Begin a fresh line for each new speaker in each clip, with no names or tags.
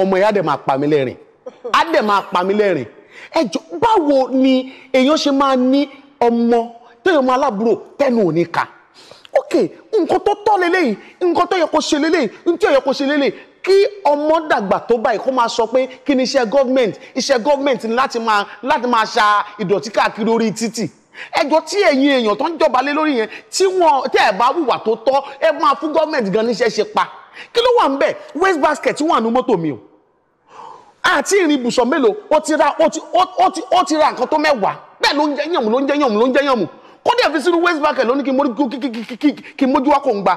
ọmọ ìyá dẹ̀ máa pa mí lẹ́rìn á dẹ̀ máa pa mí lẹ́rìn ẹjọ́ báwo ni èèyàn ṣe máa ní ọmọ téèyàn máa lábúrò tẹ́nu ò ní ka ok nǹkan tó tọ́ lélẹ́yìí nǹkan tó yẹ kó ṣe lélẹ́yìí nǹkan tó yẹ kó ṣe lélẹ́yìí kí ọmọ dàgbà tó báyìí kó máa sọ pé kí ni iṣẹ́ government iṣẹ́ government ni láti máa láti máa ṣa ìdọ̀tí káàkiri orí títì ẹjọ́ tí ẹ̀yin èèyàn tó ń jọba lé lórí yẹn tí wọ́n tẹ́ ẹ̀ bá hùwà tó tọ́ ẹ máa fún government gan níṣẹ́ ṣe pa kí ló wà ń bẹ̀ waste basket wà nú mọ́tò mi o àti ìrìn ibùsọ̀ mélòó ó ti ra ó ti ó ti ó ti ra nǹkan tó mẹ́wàá bẹ́ẹ̀ ló ń jẹ́ yànmù ló ń jẹ́ yànmù ló ń jẹ́ yànmù kódé àfi sínú waste basket lónìí kí mo kí kí kí kí kí mójú wá kò ń gba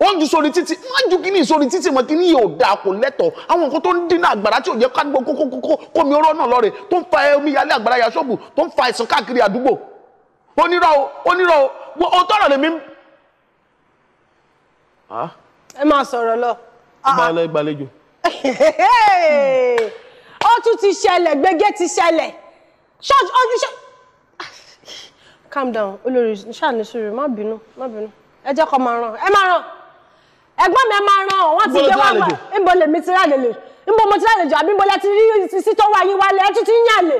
ó ń ju sórí títì má ju kí ni sórí títì mọ kí ni yóò da kò lẹ́tọ̀ àwọn nǹkan tó ń dínà àgbàrá tí ò yẹ kágbó kókókókó kómi ọ̀rọ̀ náà lọ́rẹ̀ tó ń fa omi yálé àgbàrá ya ṣọ́ọ̀bù tó ń fa àìsàn káàkiri àdúgbò onírọ̀
onírọ̀ o tọrọ lèmi ẹ máa sọ̀rọ̀ lọ.
máa ah, ah. lọ gbàlejò.
ó tún ti ṣẹlẹ̀ gbẹ́gẹ́ ti ṣẹlẹ̀ ṣọ́ọ̀ṣì ọdún ṣọ́ọ̀ṣì. calm down olórí ṣàní sùúrù má bínú má bínú ẹ jẹ́ kó máa ràn ẹ máa ràn ẹ̀gbọ́n mi ẹ máa ràn wọ́n ti gbé wá wá níbo lèmi ti rálejò níbo mo ti rálejò àbí níbo lẹ ti rí sisi tó wá yín wálé ẹ tún ti ń yàlè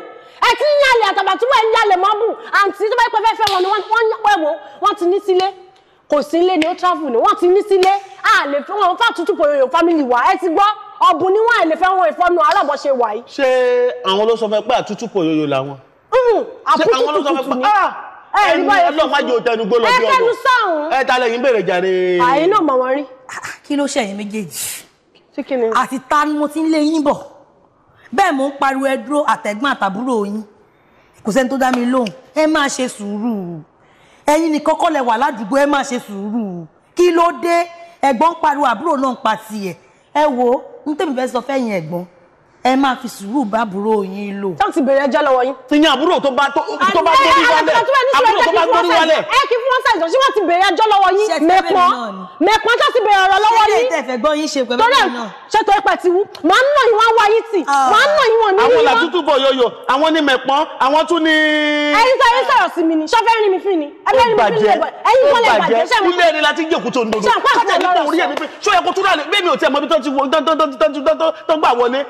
ẹ ti ń yàlè àtàbàtúwẹ̀ ń yàlè mọ́bù àǹtí tó bá yẹ pé fẹ́ fẹ́ wọn ni wọ́n ń pẹ́ wò wọ́n ti ní sílé kò sílé ni ó travel ni wọ́n ti ní sílé a lè fẹ́ wọn fà tútù pé yòyò family wa ẹ ti gbọ́ ọ̀bùn ni wọ́n lè fẹ́ wọn ìfọ́nù alábọ̀ṣe wà yìí. ṣé
àwọn ló sọ fẹ́ pé àtútù pò yòyò làwọn.
àkútù tutù ni ah, ẹni ọlọ́run
má jẹ́ òtẹnu gbó lọ bí ọgbọ̀n ẹ ta lẹ́yìn bèrè jàre. àyè
náà mọ̀ wọ́n rí. kí ló ṣẹ̀yìn méjèèjì àti ta ni mo ti ń lé yín bọ̀ bẹ́ẹ̀ mo ń pariwo ẹ dúró àtẹ̀gbọ́n àtàbúrò yín kò sẹ́ni tó dá mi lóhùn ẹ máa ṣe sùúrù ẹ̀yin nìkan kọ́ lẹ wà ládùúgbò ẹ má ṣe sùúrù kí ló dé ẹ̀gbọ́n pariwo àbúrò náà ń pa tiẹ̀ ẹ wo ní tèmi fẹ́ sọ fẹ́yìn ẹ̀gbọ́n ẹ máa fi sùúrù bá àbúrò yín lò. tó ti bèrè ẹjọ́ lọ́wọ́ yín. ti yan àbúrò tó bá tó bá gbórí wálẹ̀ àbúrò tó bá gbórí wálẹ̀. ẹ kì í fún wọn sẹ̀sọ̀ ṣé wọ́n ti bèrè ẹjọ́ lọ́wọ́ yín mẹ́pọ́n mẹ́pọ́n tó ti bèrè ọ̀rọ̀ lọ́wọ́ yín. ṣé tẹ̀ fẹ́ gbọ́ yín ṣe pẹ̀lú náà. ṣé tó ipa ti wú màá ń nà yín wá wá yín tì màá ń nà yín wọn ní yín wá. àwọn làtútù bọ̀ yọ̀yọ̀ àwọn ní mẹ́pọ́n àwọn tún ní. ẹyin sọ ẹyin sọ̀rọ̀ sí mi ni ṣọfẹ́ rin mi fún ni ẹ
fẹ́ rin mi fún ni ẹyin kọ́lẹ̀ ìbàjẹ́ ṣé mo. ilé ẹni láti jókòó tó ń dodo kájà nípa orí ẹ̀mí pé ṣó yẹ kó túnra lè bẹ́ẹ̀ mi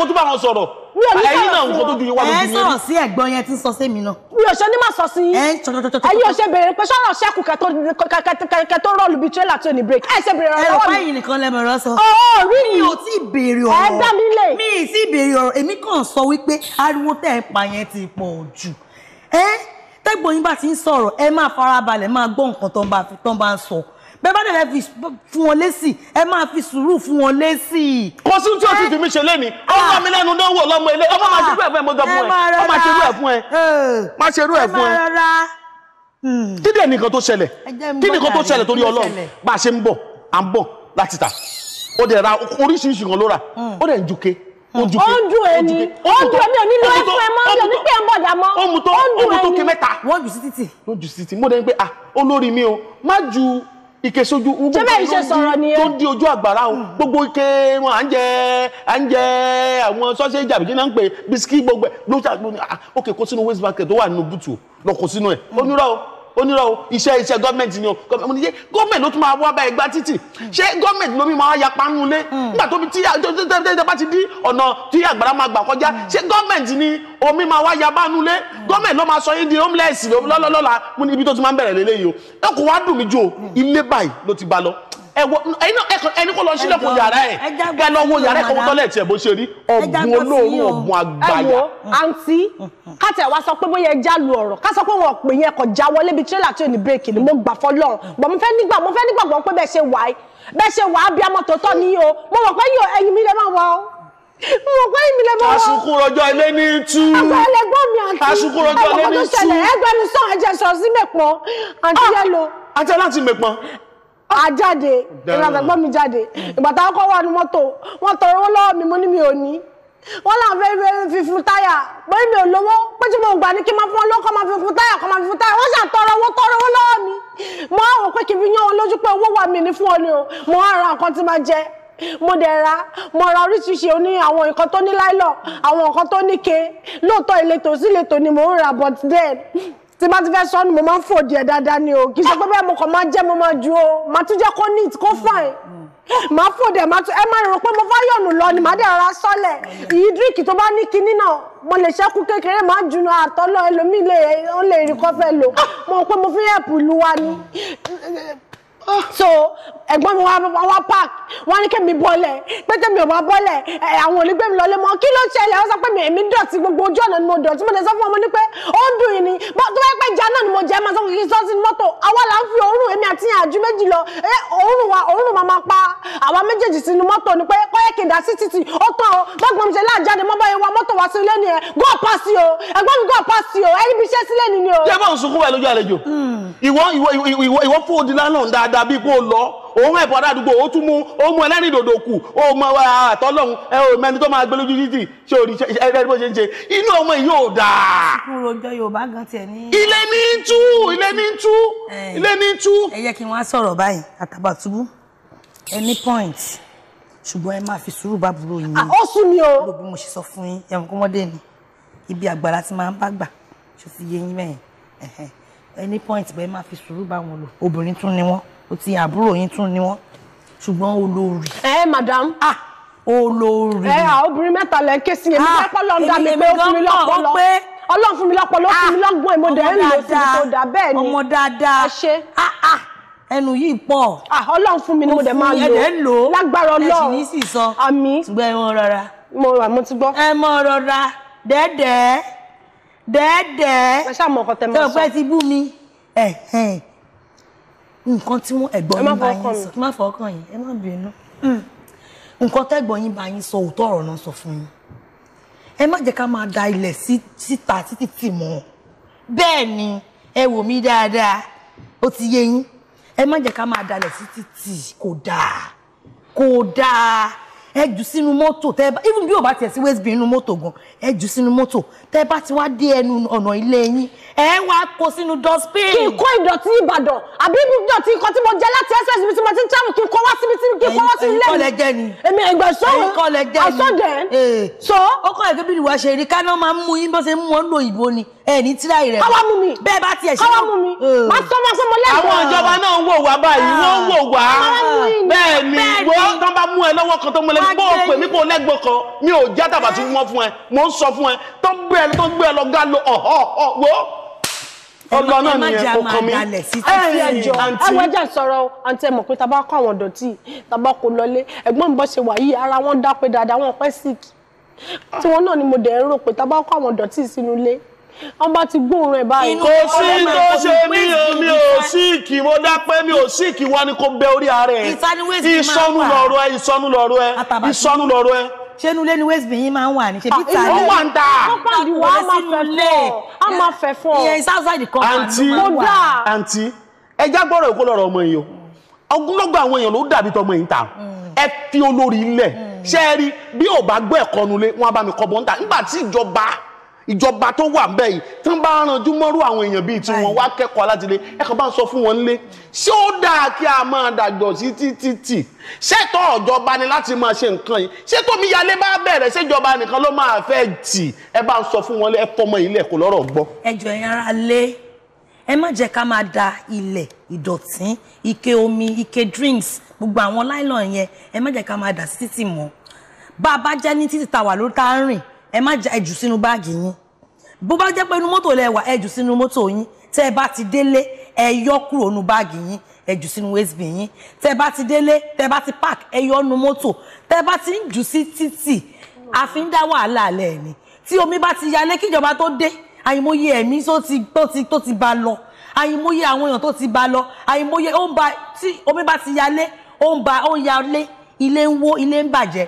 ò kó tún bá wọn sọ̀rọ̀ ẹ̀yin náà nǹkan tó ju yín wá lójú yín ẹ sọ̀rọ̀
sí ẹ̀gbọ́n yẹn tí ń sọ sí mi náà. mi ò ṣe ní máa sọ sí yín. ẹ̀yin ò ṣe béèrè pé sọ́nà ṣẹ́kù kẹ́ tó rọ́ọ̀lù bíi tírélà tó ní bírèkì. ẹ ṣe béèrè ọ̀rọ̀ lọ́wọ́ mi. nìkan lẹ mọ̀rọ̀ sọ. ọ̀ọ́ rí mi. ò tí ì ọ̀rọ̀. mi ì tí ì ọ̀rọ̀ èmi kàn sọ wípé ariwo tẹ́ ẹ pa yẹn ti pọ̀ jù. ẹ tẹ́gbọ̀n yín bá ti ń sọ̀rọ̀ ẹ máa farabalẹ̀ máa gbọ́ nǹkan tó ń bá sọ bẹ́ẹ̀ bá dẹ̀ fi fún wọn lésì ẹ máa fi sùúrù fún wọn lésì. kò sí tí o ti fi mi ṣe lémi ọmọ mi lẹ́nu náà wò lọ́mọ ilé ọmọ máa ṣerú
ẹ̀ fún ẹ mo dọ̀ fún ẹ ọmọ máa ṣerú ẹ̀ fún ẹ máa ṣerú ẹ̀ fún ẹ. kí dẹ̀ nìkan tó ṣẹlẹ̀
kí nìkan tó ṣẹlẹ̀ torí Ọlọ́run
bá a ṣe ń bọ̀ à ń bọ̀ láti ta ó dẹ̀ ra oríṣiríṣi kan ló rà O dẹ̀ ń juke O ẹni ojú ẹni onílò ẹfọ O mọ ọjọ nípa ẹmọ ọjà mọ ojú ẹni ojú tó ké mẹ́ta wọn jù sí títì wọn jù sí títì mo dẹ ń pé ah olórí mi o má ju ike sojú gbogbo tó di ojú àgbàrá o gbogbo ike wọn à ń jẹ à ń jẹ àwọn sausage àbíkí náà ń pè bisikì gbogbo ẹ ló ṣàgbọ́n ah, waste basket tó wà nínú bùtù lọ kó sínú ẹ onírọ̀ o onírọ̀ o iṣẹ́ iṣẹ́ gọ́ọ̀mẹ̀ntì ni o mo ní ṣe gọ́ọ̀mẹ̀ntì ló tún máa wá bá ẹgbà títì ṣé gọ́ọ̀mẹ̀ntì ló mi máa ya panu lé nígbà tó tí bá ti dí ọ̀nà tí àgbàrá máa gbà kọjá ṣé gọ́ọ̀mẹ̀ntì ni omi máa wá ya bánu lé gọ́ọ̀mẹ̀ntì ló máa sọ yín di homeless lọ́lọ́lọ́la mo ní ibi tó ti máa ń bẹ̀rẹ̀ lélẹ́yìí o ẹ kò wá dùn mí ju o ilé báyìí ló ti bá lọ ẹwọ ẹni kò lọ sílẹ̀kùn yàrá ẹ̀ ẹ lọ wo yàrá ẹ̀kọ́ tọ́lẹ̀ tiẹ̀ bó ṣe rí ọ̀gbun olóòórùn ọ̀gbun àgbáyà. ẹ wo
àǹtí mm-hmm. káàtì àwa sọ pé bóyá ẹ já lu ọ̀rọ̀ ká sọ pé wọn pè yẹn kò já wọlé bíi tírélà tí ò ní bírèkì ni mo gbà fọlọ́run bọ̀ mo fẹ́ nígbà mo fẹ́ nígbàgbọ́ pé bẹ́ẹ̀ ṣe wàá bẹ́ẹ̀ ṣe wàá bí amọ̀ tòótọ́ ni o mo mọ̀ pé yóò ẹyin mi lè má wọ mo pé ìmì lè mọ wọn. àsùnkún rọjò ilé
ní tú. àgbà ẹlẹgbọn
mi àti àsùnkún rọjò ilé ní tú. ẹgbẹ́ mi sọ ẹ̀jẹ̀ sọ sí mẹ̀pọ̀n àti yẹlo. àti aláǹtí ah! mẹ̀pọ̀n àjáde èmi àtàgbọ́n mi jáde ìgbà táwọn kọ́ wà ní mọ́tò wọ́n tọrọ owó lọ́wọ́ mi mo ní mi ò ní wọ́n là ń fẹ́ fẹ́ fi fún táyà pé mi ò lówó pé tí mo gbà ní kí n máa fún ọ lọ́wọ́ kọ́ máa fi fún táyà kọ́ máa fi fún táyà wọ́n ṣà tọrọ owó tọrọ owó lọ́wọ́ mi mo á wò pé kí n fi yán wọn lójú pé owó wà mí ní fún ọ ni o mo á ra nǹkan tí máa jẹ mo dẹ̀ ra mo ra oríṣiríṣi oní àwọn nǹkan tó ní láìlọ àwọn nǹkan tó ní ke lóòótọ́ ìletò sí ìletò ni mo ń ra but then tí bá ti fẹ́ sọ ni mo máa ń fò díẹ̀ dáadáa ni o kì í ṣe pé bẹ́ẹ̀ mo kàn máa jẹ́ mo máa ju o màá tún jẹ́ kó neat kó fine màá fò dẹ̀ màá tún ẹ má rò pé mo fẹ́ yọ̀nù lọ ni màá dẹ̀ ara sọ́lẹ̀ ìyí díríkì tó bá ní kinní náà mo lè ṣẹ́kù kékeré màá junu àtọ́lọ́ ẹlòmíì lè rí kọ́fẹ́ lò mo pé mo fi hẹ̀pù ìlú wa ni so ẹ̀gbọ́n mi wá wá park wọ́n ní kémi bọ́lẹ̀ pété mi ò bá bọ́lẹ̀ àwọn onígbé mi lọlé mọ́ kí ló ṣẹlẹ̀ ó sọ pé mi èmi dọ̀tí gbogbo ojú ọ̀nà ni mo dọ̀tí mo lè sọ fún ọmọ ní pé ó ń dùn yìí ni bó tó bá pẹ́ ìjà náà ni mo jẹ́ máa sọ kìkì sọ́ọ́ sínú mọ́tò àwa là ń fi òórùn tí yàn ju méjì lọ ẹ eh, wa òórùn máa máa pa àwa méjèèjì sínú mọ́tò ni pé kọ́yẹ́ kìdá sí títì ó tán o gbọ́gbọ́n mi ṣe láàjáde mọ́ báyẹn wa mọ́tò wá sí ni ẹ go pass you. o ẹgbọ́n mi go pass o ẹni bí iṣẹ́ sílẹ̀ ni ni o. jẹ́ bá ń sunkún wa lójú
àlejò hmm. ìwọ ìwọ ìwọ fún odi lánàá dáadáa bíi kó o lọ òun ẹ̀bùn aládùúgbò ó tún mú ó mú ẹlẹ́rìn dòdò kù ó mọ àtọ́lọ́hún ẹ ò mẹni tó máa gbé lójú títì ṣé o rí ẹgbẹ́ bó ṣe ń ṣe
inú ọmọ yìí ò dáa. kúrò ọjọ́ Yorùbá ilé ní ń tú ilé ní ń tú ilé ní ń tú. ẹ yẹ kí n wá sọ̀rọ̀ báyìí Àtàbàtúbú any point ṣùgbọ́n ẹ máa fi sùúrù bá burú yín. Ah, ó sún mi o. gbogbo mo ṣe sọ fún yín ẹ̀wọ̀n kọ́mọdé ni ibi àgbàlá ti máa ń bá gbà ṣòfin yé yín mẹ́yìn any point bẹ́ẹ̀ máa fi sùúrù bá wọn lò obìnrin tún ni wọ́n ó ti àbúrò yín tún ni wọ́n ṣùgbọ́n olórí. ẹ madam. ah olórí. ẹ à obìnrin mẹ́ta lẹ ké sí ah, èmi lọ́pọ̀ lọ́n dà mí pé ó fún mi lọ́pọlọ ọlọ́run fún mi lọ́pọlọ ó fún mi ah, lọ́gbọ́n ìmọ̀dé ẹ̀ ń lò fún mi tó dà bẹ́ẹ̀ ni ọmọ dáadáa ṣe ah, ẹnu yìí pọ̀. ọlọ́run fún mi ni mo dẹ̀ máa lò lò lágbára ọlọ́run ẹ̀sìn ní sì àmì. ṣùgbọ́n ẹ mọ rọra. mo rà mo ti gbọ́. ẹ mọ rọra dẹ́ẹ̀dẹ́ẹ́ dẹ́ẹ̀dẹ́ẹ́. tẹ mọ ti bú mi nǹkan tí wọ́n ẹ̀gbọ́n yín bá yín sọ ẹ má fọkàn yín ẹ má bínú hmm. nǹkan tẹ́gbọ́n yín bá yín sọ òótọ́ ọ̀rọ̀ náà sọ fún yín ẹ má jẹ́ ká máa da ilẹ̀ síta títí tì mọ́ bẹ́ẹ̀ ni ẹ wò mí dáadáa ó ti yé yín ẹ má jẹ́ ká máa dalẹ̀ sí títì kò dáa kò dáa ẹ jù sínú mọ́tò tẹ́ bá even bí ò bá tiẹ̀ sí waste bin inú mọ́tò gan ẹ jù sínú mọ́tò tẹ́ bá ti wá dé ẹnu ọ̀nà ilé yín ẹ wá kó sínú dustbin. kí n kó ìdọ̀tí Ìbàdàn àbí ibi ìdọ̀tí nǹkan tí mo jẹ láti express mi mo ti ń travel kí n kó wá síbi tí kí n kó wá sí ilé mi. èyí kọ́ lẹ jẹ́ ni. èmi ẹgbẹ́ sọ́run èyí kọ́ lẹ jẹ́ ni. àsọdẹ̀ sọ. ó kọ́ ẹ̀gbẹ́ bí ìwà ṣe rí káná máa ń mú yín bó ṣe mú ọ́n lò ìbò ni ẹ ní tíráì rẹ̀. káwá mú mi bẹ́ẹ̀ bá tiẹ̀ ṣe. káwá mú mi má sọ ma sọ mo lẹ́gbẹ̀ẹ́. àwọn ìjọba náà ń wò wá báyìí wọ́n ń wò wá. káwá mú mi
ẹ lọ́wọ́ kan tó mú lẹ́nu bó o pè mí kó o lẹ́gbọ̀ọ́ kan mi ò já tàbá tí wọ́n fún ẹ mò ń sọ fún ẹ tó gbé ẹ tó gbé ẹ lọ gá lo ọ̀họ́ ọ̀ wo ọlọ náà nìyẹn kò kàn mí. àwọn ẹja
sọ̀rọ̀ àǹtí ẹ mọ̀ pé tàbá kọ́ àwọn dọ̀tí tàbá kò lọlé ẹ̀gbọ́n mi bọ́ ṣe wà yìí ara wọn dápé dáadáa wọn pẹ́ síkì tiwọn náà ni mo dẹ̀ ń rò pé tàbá kọ́ àwọn dọ̀tí sínú ilé wọ́n bá ti gbóhùn rẹ̀ báyìí. kò sí tó ṣe mí o mi ò
síìkì mo dápẹ́ mi ò síìkì wá ni kò bẹ orí ara ẹ̀ ìsọnù lọ̀rọ̀ ẹ
ìsọnù lọ̀rọ̀ ẹ ìsọnù lọ̀rọ̀ ẹ ṣénú lé ní west benin máa ń wà ní ṣe bí ah, tàlẹ́ ó wà ń ta kọ́pàdé wa á máa fẹ́ fọ́ á máa fẹ́ fọ́ ìyẹn ìsáàsáàdì kan àǹtí àǹtí
ẹjá gbọ́rọ̀ èkó lọ́rọ̀ ọmọ yìí o ogunlọ́gbọ̀ àwọn èèyàn ló dàbí tọmọ yìí ta hmm. ẹ fi olórí ilẹ̀ hmm. ṣe bí ò bá gbọ́ ẹ̀kọ́ wọn bá mi kọ́ bọ́ ń ta nígbà tí ìjọba ìjọba tó wà ń bẹ yìí tán bá ranjú mọ́rú àwọn èèyàn bíi tí wọ́n wá kẹ́kọ̀ọ́ láti lé ẹ̀kọ́ bá ń sọ fún wọn lé ṣé ó dáa kí a máa dàgbọ̀ sí títí tì ṣètò ìjọba ni láti máa ṣe nǹkan yìí ṣé tómi yalé bá bẹ̀rẹ̀ ṣèjọba nìkan ló máa fẹ́ tì ẹ bá ń sọ fún wọn lé ẹ fọmọ ilé kò lọ́rọ̀ gbọ́.
ẹjọ ẹ̀yin ará lé ẹ má jẹ́ ká máa da ilẹ̀ ìdọ̀tí ike drinks gbogbo àwọn láìlọ yẹn ẹ má jẹ́ ká máa dà sí títì mọ́ bá a ẹ má já ẹjù sínú báàgì yín bó bá jẹ́ pé inú mọ́tò lẹ wà ẹjù sínú mọ́tò yín tẹ́ ẹ bá ti délé ẹ yọ kúrò nínú báàgì yín ẹjù sínú wastebin yín tẹ́ ẹ bá ti délé tẹ́ ẹ bá ti park ẹ yọ nu mọ́tò tẹ́ ẹ bá ti ń jù sí títì àfi ń dá wàhálà alẹ́ ni tí omi bá ti yalé kíjọba tó dé àyìnbóye ẹ̀mí tó ti ba lọ àyìnbóye àwọn èèyàn tó ti ba lọ àyìnbóye ó tí omi bá ti yalé ó ń ba ó ń yalé ilé ń wó ilé ń bàjẹ́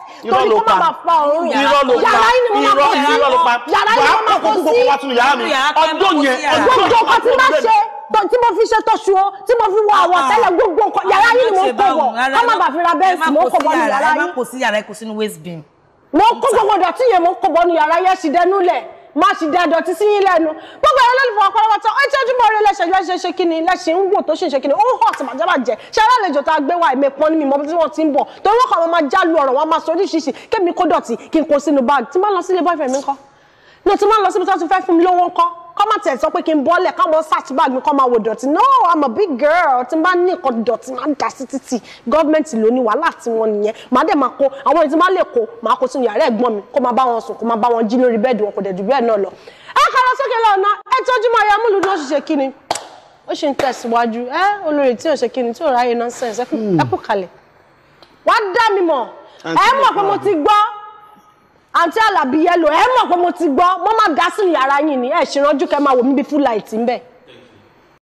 torí kó má bàa fa òórùn yàrá yìí ni mo máa kó yàrá ni mo máa kó sí ọdún yẹn gbogbo nǹkan tí bá ṣe tí mo fi ṣe tọ́ṣu o tí mo fi wọ àwọ̀ ah. tẹ́lẹ̀ gbogbo nǹkan yàrá yìí ni mo kó wọ̀ ká má bàa fi ra bẹ́ẹ̀sì mo kó bọ́ ní yàrá yìí mo kó gbogbo dọ̀tí yẹn mo kó bọ́ ní yàrá yẹn ṣì dẹnu lẹ̀ má sì dá dọ̀tí sí yín lẹ́nu gbogbo ẹ̀rọ lólùfọ́ ọ̀pọ̀lọpọ̀ tán ó ti ojú mọ́ orí lẹ́sẹ̀ lẹ́sẹ̀ ṣe kí ni lẹ́sẹ̀ ń wò tó ṣe ń ṣe kí ni ó hàn sí màjábà jẹ ṣe alálejò tá a gbé wa ẹ̀mí pọ́n ní mi mọ́ tí wọ́n ti ń bọ̀ torí wọ́n kàn wọ́n máa já lu ọ̀rọ̀ wọn máa sọ oríṣiríṣi kémi kó dọ̀tí kí n kó sínú báàgì tí máa lọ sílé boyfriend mi ńkọ́ ní o ti máa lọ síbi tó ti fẹ́ fún mi lówó ńkọ́ kọ́ máa tẹ̀ sọ pé kí n bọ́lẹ̀ káwọn search bag mi kọ́ máa wo dọ̀tí no i'm a big girl tí n bá ní nǹkan dọ̀tí máa ń dà sí títì gọ́ọ̀mẹ̀ntì ló ní wàhálà tí wọ́n nìyẹn màá dẹ̀ máa kó àwọn èyí tí máa lè kó màá kó sínú yàrá ẹ̀gbọ́n mi kó máa bá wọn sùn kó máa bá wọn jí lórí bẹ́ẹ̀dì wọn kò dẹ̀ jù bẹ́ẹ̀ náà lọ. ẹ kára sókè lọ́nà ẹ tọ́jú máa ya múlùú náà ṣiṣẹ́ kí ni ó ṣe ń tẹ̀síwájú ẹ olórí tí ò ṣe kí ni tí ò ráyè nonsense ẹ kú kalẹ̀ wàá dá mi àǹtí àlàbí yẹlò ẹ mọ̀ pé mo ti gbọ́ mo máa ga sínú yàrá yìí ni ẹ̀ ṣèrànjú kẹ́ máa wò mí bí fúláìtì ń bẹ̀.